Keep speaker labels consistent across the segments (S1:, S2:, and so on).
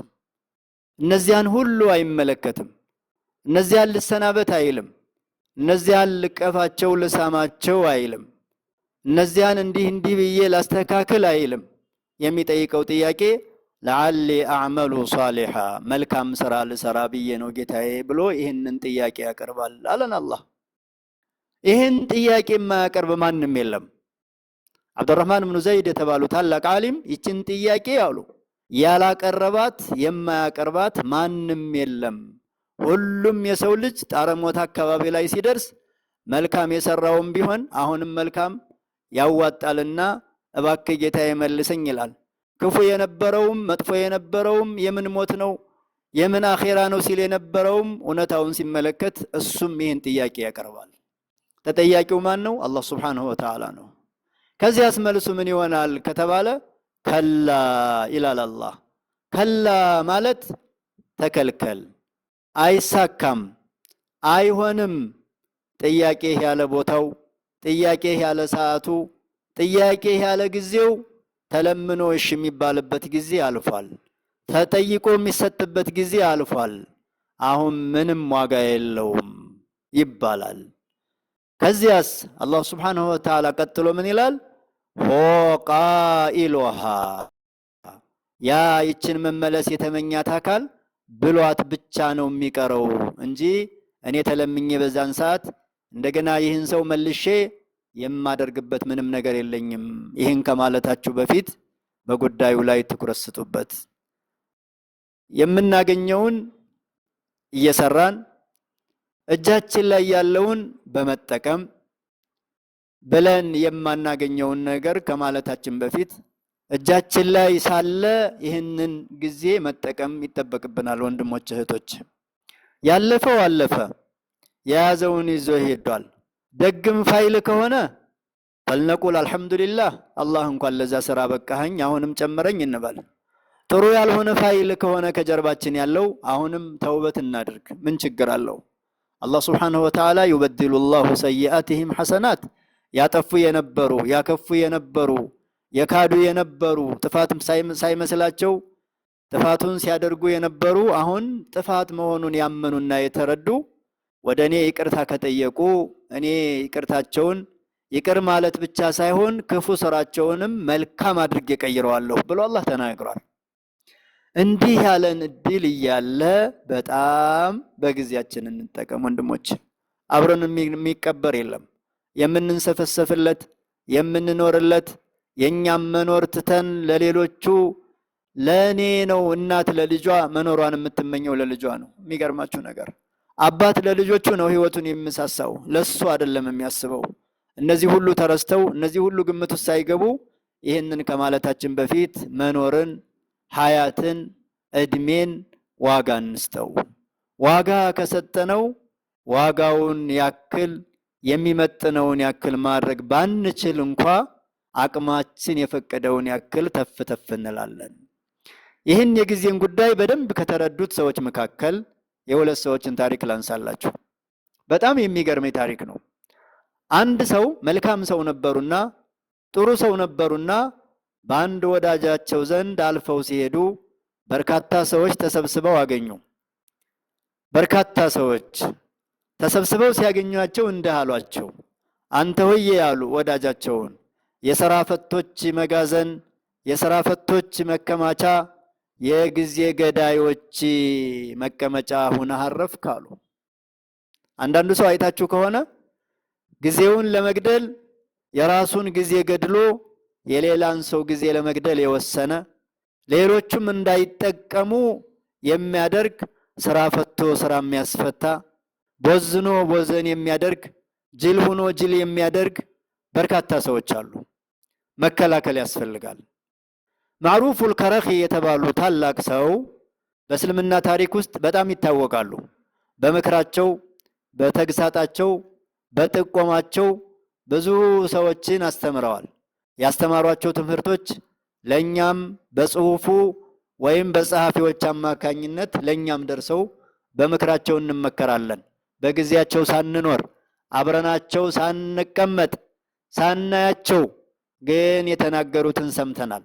S1: አይደርስም። እነዚያን ሁሉ አይመለከትም። እነዚያን ልሰናበት አይልም። እነዚያን ልቀፋቸው ልሳማቸው አይልም። እነዚያን እንዲህ እንዲህ ብዬ ላስተካክል አይልም። የሚጠይቀው ጥያቄ ለዓሊ አዕመሉ ሳሊሓ መልካም ስራ ልሰራ ብዬ ነው ጌታዬ ብሎ ይህንን ጥያቄ ያቀርባል አለን አላህ። ይህን ጥያቄ የማያቀርብ ማንም የለም። አብዱራህማን ብኑ ዘይድ የተባሉ ታላቅ ዓሊም ይችን ጥያቄ አሉ ያላቀረባት የማያቀርባት ማንም የለም። ሁሉም የሰው ልጅ ጣረሞት አካባቢ ላይ ሲደርስ መልካም የሰራውም ቢሆን አሁንም መልካም ያዋጣልና እባክህ ጌታ የመልሰኝ ይላል። ክፉ የነበረውም መጥፎ የነበረውም የምን ሞት ነው የምን አኼራ ነው ሲል የነበረውም እውነታውን ሲመለከት እሱም ይህን ጥያቄ ያቀርባል። ተጠያቂው ማን ነው? አላህ ሱብሓነሁ ወተዓላ ነው። ከዚያስ መልሱ ምን ይሆናል ከተባለ ከላ ይላል አላህ። ከላ ማለት ተከልከል፣ አይሳካም፣ አይሆንም፣ ጥያቄህ ያለ ቦታው፣ ጥያቄህ ያለ ሰዓቱ፣ ጥያቄህ ያለ ጊዜው ተለምኖ እሺ የሚባልበት ጊዜ አልፏል። ተጠይቆ የሚሰጥበት ጊዜ አልፏል። አሁን ምንም ዋጋ የለውም ይባላል። ከዚያስ አላህ ሱብሓነሁ ወተዓላ ቀጥሎ ምን ይላል? ሆቃኢሎሃ ያ ይችን መመለስ የተመኛት አካል ብሏት ብቻ ነው የሚቀረው እንጂ እኔ ተለምኜ በዛን ሰዓት እንደገና ይህን ሰው መልሼ የማደርግበት ምንም ነገር የለኝም። ይህን ከማለታችሁ በፊት በጉዳዩ ላይ ትኩረት ስጡበት። የምናገኘውን እየሰራን እጃችን ላይ ያለውን በመጠቀም ብለን የማናገኘውን ነገር ከማለታችን በፊት እጃችን ላይ ሳለ ይህንን ጊዜ መጠቀም ይጠበቅብናል። ወንድሞች እህቶች፣ ያለፈው አለፈ፣ የያዘውን ይዞ ሄዷል። ደግም ፋይል ከሆነ ፈልነቁል አልሐምዱሊላህ፣ አላህ እንኳን ለዛ ስራ በቃኸኝ፣ አሁንም ጨምረኝ እንበል። ጥሩ ያልሆነ ፋይል ከሆነ ከጀርባችን ያለው አሁንም ተውበት እናድርግ። ምን ችግር አለው? አላህ ሱብሓነሁ ወተዓላ ዩበድሉ ላሁ ሰይአትህም ሐሰናት ያጠፉ የነበሩ ያከፉ የነበሩ የካዱ የነበሩ ጥፋትም ሳይመስላቸው ጥፋቱን ሲያደርጉ የነበሩ አሁን ጥፋት መሆኑን ያመኑና የተረዱ ወደ እኔ ይቅርታ ከጠየቁ እኔ ይቅርታቸውን ይቅር ማለት ብቻ ሳይሆን ክፉ ስራቸውንም መልካም አድርጌ ቀይረዋለሁ ብሎ አላህ ተናግሯል። እንዲህ ያለን እድል እያለ በጣም በጊዜያችን እንጠቀም ወንድሞች። አብረን የሚቀበር የለም። የምንንሰፈሰፍለት የምንኖርለት የእኛም መኖር ትተን ለሌሎቹ ለእኔ ነው እናት ለልጇ መኖሯን የምትመኘው ለልጇ ነው። የሚገርማችሁ ነገር አባት ለልጆቹ ነው ህይወቱን የሚሳሳው፣ ለሱ አይደለም የሚያስበው። እነዚህ ሁሉ ተረስተው እነዚህ ሁሉ ግምት ውስጥ ሳይገቡ ይህንን ከማለታችን በፊት መኖርን፣ ሀያትን፣ እድሜን ዋጋ እንስተው። ዋጋ ከሰጠነው ዋጋውን ያክል የሚመጥነውን ያክል ማድረግ ባንችል እንኳ አቅማችን የፈቀደውን ያክል ተፍ ተፍ እንላለን። ይህን የጊዜን ጉዳይ በደንብ ከተረዱት ሰዎች መካከል የሁለት ሰዎችን ታሪክ ላንሳላችሁ። በጣም የሚገርመኝ ታሪክ ነው። አንድ ሰው መልካም ሰው ነበሩና ጥሩ ሰው ነበሩና በአንድ ወዳጃቸው ዘንድ አልፈው ሲሄዱ በርካታ ሰዎች ተሰብስበው አገኙ። በርካታ ሰዎች ተሰብስበው ሲያገኟቸው እንዲህ አሏቸው፣ አንተ ሆዬ ያሉ ወዳጃቸውን ፈቶች መጋዘን፣ ፈቶች መከማቻ፣ የጊዜ ገዳዮች መቀመጫ ሁነህ አረፍክ አሉ። አንዳንዱ ሰው አይታችሁ ከሆነ ጊዜውን ለመግደል የራሱን ጊዜ ገድሎ የሌላን ሰው ጊዜ ለመግደል የወሰነ ሌሎቹም እንዳይጠቀሙ የሚያደርግ ስራ ፈቶ ስራ የሚያስፈታ ቦዝኖ ቦዘን የሚያደርግ ጅል ሆኖ ጅል የሚያደርግ በርካታ ሰዎች አሉ። መከላከል ያስፈልጋል። ማዕሩፉል ከረኺ የተባሉ ታላቅ ሰው በእስልምና ታሪክ ውስጥ በጣም ይታወቃሉ። በምክራቸው፣ በተግሳጣቸው፣ በጥቆማቸው ብዙ ሰዎችን አስተምረዋል። ያስተማሯቸው ትምህርቶች ለእኛም በጽሁፉ ወይም በጸሐፊዎች አማካኝነት ለእኛም ደርሰው በምክራቸው እንመከራለን። በጊዜያቸው ሳንኖር አብረናቸው ሳንቀመጥ ሳናያቸው ግን የተናገሩትን ሰምተናል።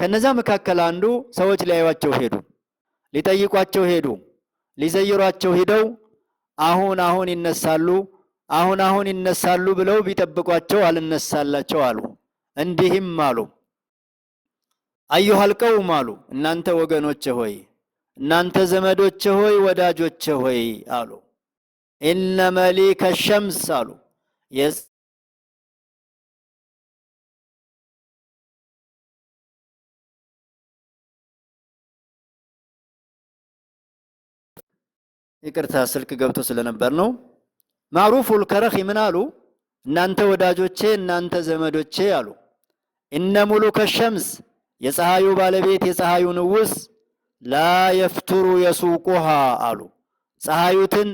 S1: ከነዛ መካከል አንዱ ሰዎች ሊያዩቸው ሄዱ፣ ሊጠይቋቸው ሄዱ፣ ሊዘይሯቸው ሂደው አሁን አሁን ይነሳሉ አሁን አሁን ይነሳሉ ብለው ቢጠብቋቸው አልነሳላቸው አሉ። እንዲህም አሉ፣ አዩሃል ቀውም አሉ፣ እናንተ ወገኖቼ ሆይ እናንተ ዘመዶቼ ሆይ ወዳጆቼ ሆይ አሉ ኢነ መሊከ ሸምስ አሉ ይቅርታ ስልክ ገብቶ ስለነበር ነው። ማዕሩፍ ከረኺ ምን አሉ? እናንተ ወዳጆቼ፣ እናንተ ዘመዶቼ አሉ እነ ሙሉከ ሸምስ የፀሐዩ ባለቤት የፀሐዩ ንጉሥ ላ የፍቱሩ የሱቁሃ አሉ ፀሐዩትን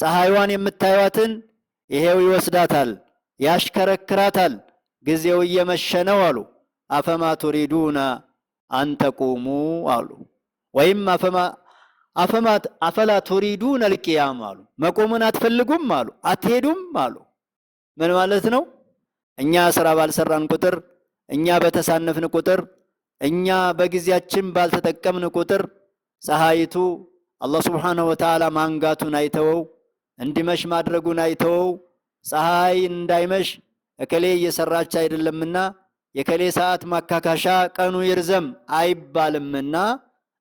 S1: ፀሐይዋን የምታዩትን ይሄው ይወስዳታል፣ ያሽከረክራታል። ጊዜው እየመሸ ነው አሉ። አፈማ ቱሪዱና አንተቁሙ አሉ። ወይም አፈላ ቱሪዱን አልቅያም አሉ። መቆሙን አትፈልጉም አሉ። አትሄዱም አሉ። ምን ማለት ነው? እኛ ስራ ባልሰራን ቁጥር፣ እኛ በተሳነፍን ቁጥር፣ እኛ በጊዜያችን ባልተጠቀምን ቁጥር ፀሐይቱ አላህ ሱብሓነሁ ወተዓላ ማንጋቱን አይተወው እንዲመሽ ማድረጉን አይተው ፀሐይ እንዳይመሽ እከሌ እየሰራች አይደለምና የከሌ ሰዓት ማካካሻ ቀኑ ይርዘም አይባልምና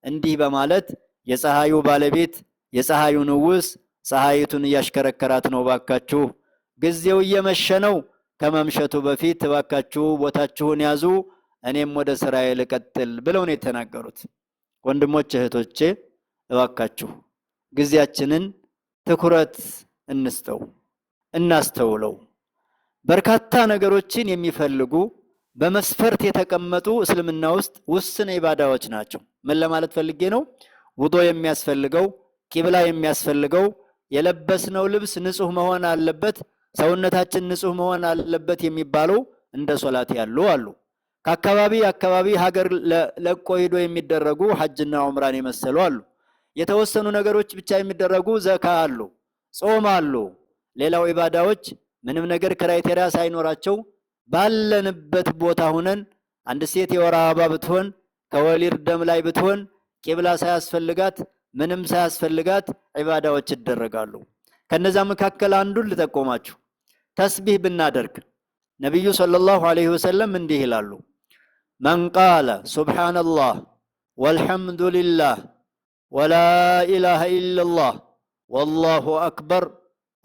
S1: እንዲህ በማለት የፀሐዩ ባለቤት የፀሐዩ ንውስ ፀሐይቱን እያሽከረከራት ነው። ባካችሁ ጊዜው እየመሸ ነው። ከመምሸቱ በፊት ባካችሁ ቦታችሁን ያዙ፣ እኔም ወደ ስራዬ ልቀጥል ብለው ነው የተናገሩት። ወንድሞች እህቶቼ፣ እባካችሁ ጊዜያችንን ትኩረት እንስጠው፣ እናስተውለው። በርካታ ነገሮችን የሚፈልጉ በመስፈርት የተቀመጡ እስልምና ውስጥ ውስን ኢባዳዎች ናቸው። ምን ለማለት ፈልጌ ነው? ውዶ የሚያስፈልገው፣ ቂብላ የሚያስፈልገው፣ የለበስነው ልብስ ንጹህ መሆን አለበት፣ ሰውነታችን ንጹህ መሆን አለበት የሚባለው እንደ ሶላት ያሉ አሉ። ከአካባቢ አካባቢ ሀገር ለቆ ሂዶ የሚደረጉ ሐጅና ዑምራን የመሰሉ አሉ። የተወሰኑ ነገሮች ብቻ የሚደረጉ ዘካ አሉ፣ ጾም አሉ። ሌላው ኢባዳዎች ምንም ነገር ክራይቴሪያ ሳይኖራቸው ባለንበት ቦታ ሁነን አንድ ሴት የወር አበባ ብትሆን ከወሊድ ደም ላይ ብትሆን ቂብላ ሳያስፈልጋት ምንም ሳያስፈልጋት ዒባዳዎች ይደረጋሉ። ከነዛ መካከል አንዱን ልጠቆማችሁ። ተስቢህ ብናደርግ ነቢዩ ሰለላሁ ዐለይሂ ወሰለም እንዲህ ይላሉ፣ መን ቃለ ሱብሓነላህ ወልሐምዱሊላህ ولا إله إلا الله والله أكبر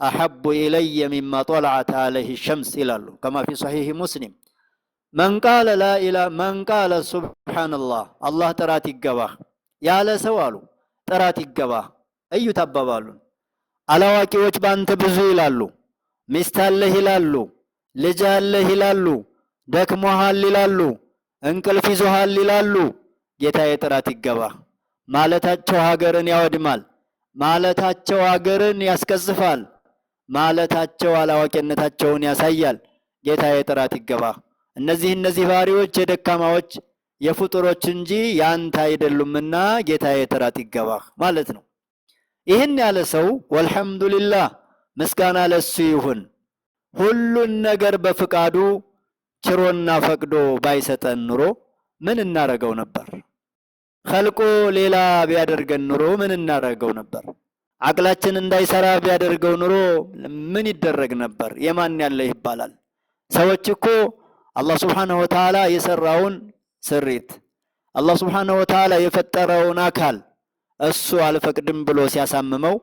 S1: أحب إلي مما طلعت عليه الشمس إلى كما في صحيح مسلم من قال لا إله من قال سبحان الله الله ترات الجواه يا لا سوالو ترات الجواه أي تبابالون على واكيوች በአንተ ብዙ ይላሉ ሚስት አለህ ይላሉ ልጅ አለህ ይላሉ ደክሞሃል ይላሉ እንቅልፍ ይዞሃል ይላሉ ጌታዬ ጥራት ይገባህ ማለታቸው ሀገርን ያወድማል፣ ማለታቸው ሀገርን ያስቀዝፋል፣ ማለታቸው አላዋቂነታቸውን ያሳያል። ጌታ የጥራት ይገባ። እነዚህ እነዚህ ባህሪዎች የደካማዎች የፍጡሮች እንጂ ያንተ አይደሉምና ጌታ የጥራት ይገባ ማለት ነው። ይህን ያለ ሰው ወልሐምዱሊላህ ምስጋና ለሱ ይሁን ሁሉን ነገር በፍቃዱ ችሮና ፈቅዶ ባይሰጠን ኑሮ ምን እናረገው ነበር? ኸልቆ ሌላ ቢያደርገን ኑሮ ምን እናደርገው ነበር? አቅላችን እንዳይሰራ ቢያደርገው ኑሮ ምን ይደረግ ነበር? የማን ያለ ይባላል? ሰዎች እኮ አላህ ሱብሓነሁ ወተዓላ የሰራውን ስሪት አላህ ሱብሓነሁ ወተዓላ የፈጠረውን አካል እሱ አልፈቅድም ብሎ ሲያሳምመው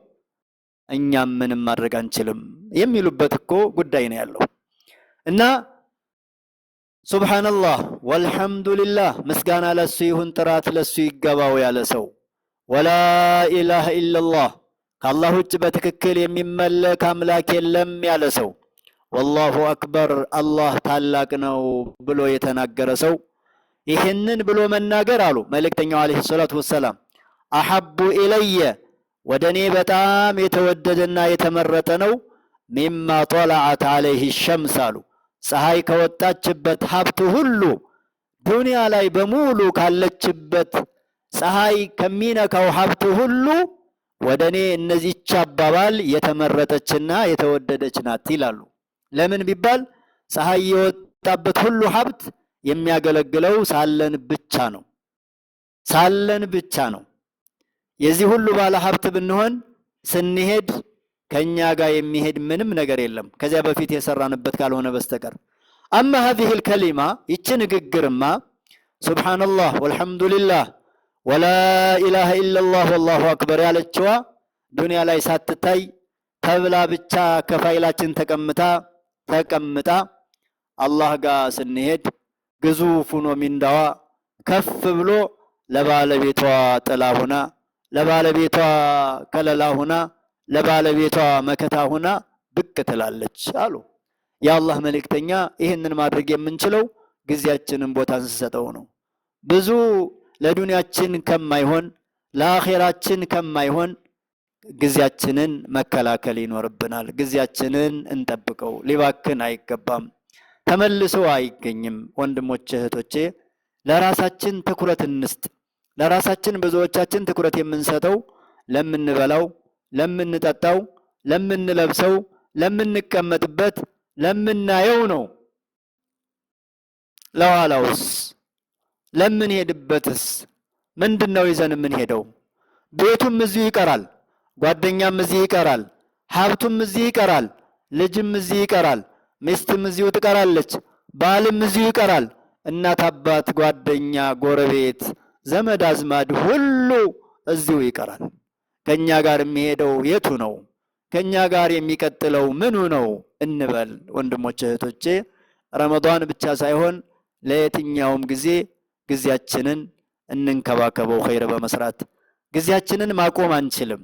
S1: እኛም ምንም ማድረግ አንችልም የሚሉበት እኮ ጉዳይ ነው ያለው እና ሱብሓነላህ ወልሐምዱሊላህ፣ ምስጋና ለሱ ይሁን፣ ጥራት ለሱ ይገባው ያለ ሰው ወላ ኢላሃ ኢለላህ፣ ከአላህ ውጭ በትክክል የሚመለክ አምላክ የለም ያለ ሰው ወላሁ አክበር፣ አላህ ታላቅ ነው ብሎ የተናገረ ሰው ይህንን ብሎ መናገር አሉ መልእክተኛው ዓለይሂ ሰላቱ ወሰላም አሐቡ ኢለየ ወደ እኔ በጣም የተወደደና የተመረጠ ነው ሚማ ጦላዓት ዓለይህ ሸምስ አሉ ፀሐይ ከወጣችበት ሀብት ሁሉ ዱንያ ላይ በሙሉ ካለችበት ፀሐይ ከሚነካው ሀብት ሁሉ ወደ እኔ እነዚች አባባል የተመረጠችና የተወደደች ናት ይላሉ። ለምን ቢባል ፀሐይ የወጣበት ሁሉ ሀብት የሚያገለግለው ሳለን ብቻ ነው። ሳለን ብቻ ነው። የዚህ ሁሉ ባለ ሀብት ብንሆን ስንሄድ ከእኛ ጋር የሚሄድ ምንም ነገር የለም ከዚያ በፊት የሰራንበት ካልሆነ በስተቀር አማ ሀዚህ ልከሊማ ይቺ ንግግርማ ሱብሓነላህ ወልሐምዱሊላህ ወላ ኢላሃ ኢለላህ ወላሁ አክበር ያለችዋ ዱንያ ላይ ሳትታይ ተብላ ብቻ ከፋይላችን ተቀምጣ ተቀምጣ አላህ ጋር ስንሄድ ግዙፍ ሆኖ ሚንዳዋ ከፍ ብሎ ለባለቤቷ ጥላ ሁና ለባለቤቷ ከለላ ሁና ለባለቤቷ መከታ ሆና ብቅ ትላለች አሉ የአላህ መልእክተኛ። ይህንን ማድረግ የምንችለው ጊዜያችንን ቦታ ስሰጠው ነው። ብዙ ለዱንያችን ከማይሆን ለአኼራችን ከማይሆን ጊዜያችንን መከላከል ይኖርብናል። ጊዜያችንን እንጠብቀው፣ ሊባክን አይገባም። ተመልሶ አይገኝም። ወንድሞች እህቶቼ፣ ለራሳችን ትኩረት እንስጥ። ለራሳችን ብዙዎቻችን ትኩረት የምንሰጠው ለምንበላው ለምንጠጣው፣ ለምንለብሰው፣ ለምንቀመጥበት፣ ለምናየው ነው። ለኋላውስ ለምንሄድበትስ ምንድን ነው ይዘን የምንሄደው? ቤቱም እዚሁ ይቀራል፣ ጓደኛም እዚህ ይቀራል፣ ሀብቱም እዚህ ይቀራል፣ ልጅም እዚህ ይቀራል፣ ሚስትም እዚሁ ትቀራለች፣ ባልም እዚሁ ይቀራል። እናት፣ አባት፣ ጓደኛ፣ ጎረቤት፣ ዘመድ አዝማድ ሁሉ እዚሁ ይቀራል። ከእኛ ጋር የሚሄደው የቱ ነው? ከእኛ ጋር የሚቀጥለው ምኑ ነው እንበል። ወንድሞች እህቶቼ፣ ረመዷን ብቻ ሳይሆን ለየትኛውም ጊዜ ጊዜያችንን እንንከባከበው ኸይር በመስራት ጊዜያችንን ማቆም አንችልም።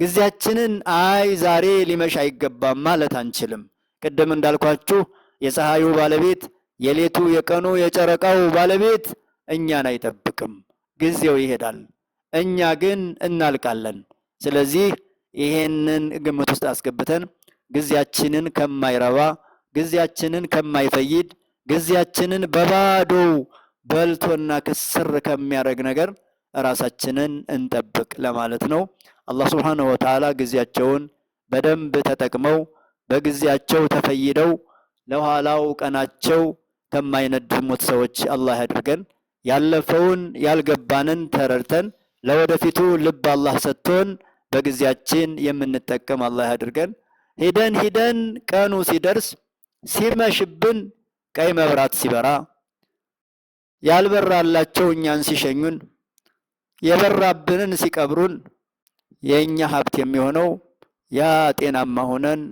S1: ጊዜያችንን አይ ዛሬ ሊመሽ አይገባም ማለት አንችልም። ቅድም እንዳልኳችሁ የፀሐዩ ባለቤት የሌቱ የቀኑ የጨረቃው ባለቤት እኛን አይጠብቅም። ጊዜው ይሄዳል፣ እኛ ግን እናልቃለን። ስለዚህ ይሄንን ግምት ውስጥ አስገብተን ጊዜያችንን ከማይረባ ጊዜያችንን ከማይፈይድ ጊዜያችንን በባዶ በልቶና ክስር ከሚያደርግ ነገር ራሳችንን እንጠብቅ ለማለት ነው። አላህ ሱብሓነሁ ወተዓላ ጊዜያቸውን በደንብ ተጠቅመው በጊዜያቸው ተፈይደው ለኋላው ቀናቸው ከማይነድሙት ሰዎች አላህ ያድርገን። ያለፈውን ያልገባንን ተረድተን ለወደፊቱ ልብ አላህ ሰጥቶን በጊዜያችን የምንጠቀም አላህ አድርገን። ሂደን ሂደን ቀኑ ሲደርስ ሲመሽብን ቀይ መብራት ሲበራ ያልበራላቸው እኛን ሲሸኙን የበራብንን ሲቀብሩን የእኛ ሀብት የሚሆነው ያ ጤናማ ሆነን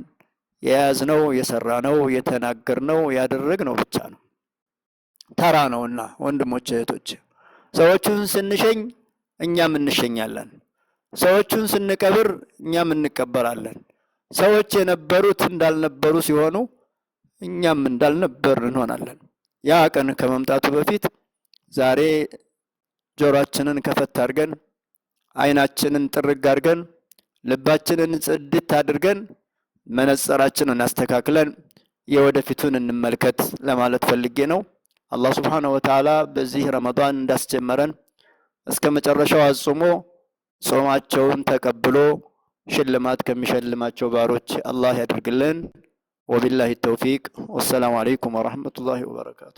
S1: የያዝነው የሰራነው የተናገርነው ያደረግነው ብቻ ነው። ተራ ነውና ወንድሞች እህቶች ሰዎቹን ስንሸኝ እኛም እንሸኛለን። ሰዎቹን ስንቀብር እኛም እንቀበራለን። ሰዎች የነበሩት እንዳልነበሩ ሲሆኑ እኛም እንዳልነበር እንሆናለን። ያ ቀን ከመምጣቱ በፊት ዛሬ ጆሮአችንን ከፈት አድርገን አይናችንን ጥርግ አድርገን ልባችንን ጽድት አድርገን መነጽራችንን አስተካክለን የወደፊቱን እንመልከት ለማለት ፈልጌ ነው። አላህ ሱብሓነሁ ወተዓላ በዚህ ረመዳን እንዳስጀመረን እስከ መጨረሻው አጽሞ ጾማቸውን ተቀብሎ ሽልማት ከሚሸልማቸው ባሮች አላህ ያድርግልን። ወቢላሂ ተውፊቅ። ወሰላሙ አለይኩም ወረህመቱላሂ ወበረካቱ።